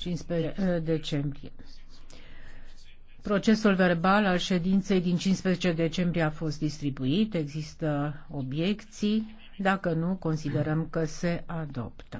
15 eh, decembrie. Procesul verbal al ședinței din 15 decembrie a fost distribuit. Există obiecții. Dacă nu, considerăm că se adoptă.